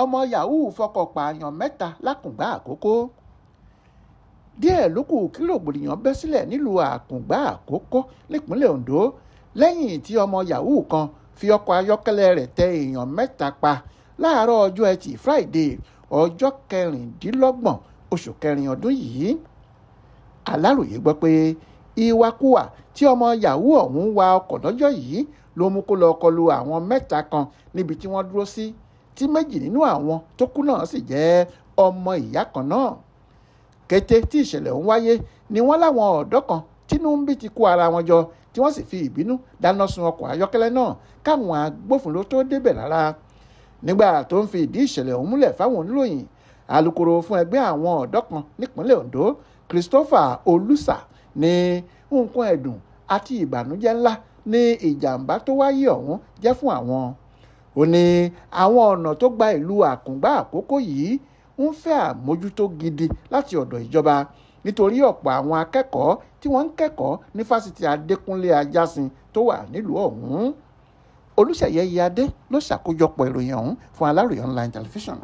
ọmọ yahoo fọkọ̀ pààyàn mẹ́ta lákùngbà àkókò díẹ̀ ló kù kí rògbòdìyàn bẹ́ sílẹ̀ nílùú àkùngbà àkókò nípínlẹ̀ Ondo lẹ́yìn tí ọmọ yahoo kan fi ọkọ̀ ayọ́kẹ́lẹ́ rẹ̀ tẹ èèyàn mẹ́ta pa láàárọ̀ ọjọ́ ẹtì Friday ọjọ́ kẹrìndínlọ́gbọ̀n oṣù kẹrin ọdún yìí Aláròyé gbọ́ pé ìwakùwà tí ọmọ yahoo ọ̀hún wa ọkọ̀ lọ́jọ́ yìí ló mú kó lọ́ọ́ kọlu àwọn mẹ́ta kan níbi tí wọ́n dúró sí tí méjì nínú àwọn tó kú náà sì jẹ́ ọmọ ìyá kan náà kété tí ìṣẹ̀lẹ̀ ọ̀hún wáyé ni wọ́n láwọn ọ̀dọ́ kan tínú ń bí ti kó ara wọn jọ tí wọ́n sì fi ìbínú dáná sun ọkọ̀ ayọ́kẹ́lẹ́ náà káwọn agbófinró tó débẹ̀ lára nígbà tó ń fi ìdí ìṣẹ̀lẹ̀ ọ̀hún múlẹ̀ fáwọn oníròyìn alukoro fún ẹgbẹ́ àwọn ọ̀dọ́ kan nípínlẹ̀ Ondo Christopher Olusa ní nǹkan ẹ̀dùn àti ìbànújẹ́ ńlá ní ìjàmbá tó wáyé ọ̀hún jẹ́ fún àwọn ó ní àwọn ọ̀nà tó gba ìlú àkùngbà àkókò yìí ń fẹ́ àmójútó gidi láti ọ̀dọ̀ ìjọba nítorí ọ̀pọ̀ àwọn akẹ́kọ̀ọ́ tí wọ́n ń kẹ́kọ̀ọ́ ní fásitì Adékúnlé Ajásin tó wà nílùú ọ̀hún Olúṣèyẹ Ìyíadé ló ṣàkójọpọ̀ ìròyìn ọ̀hún fún Aláròyé online television.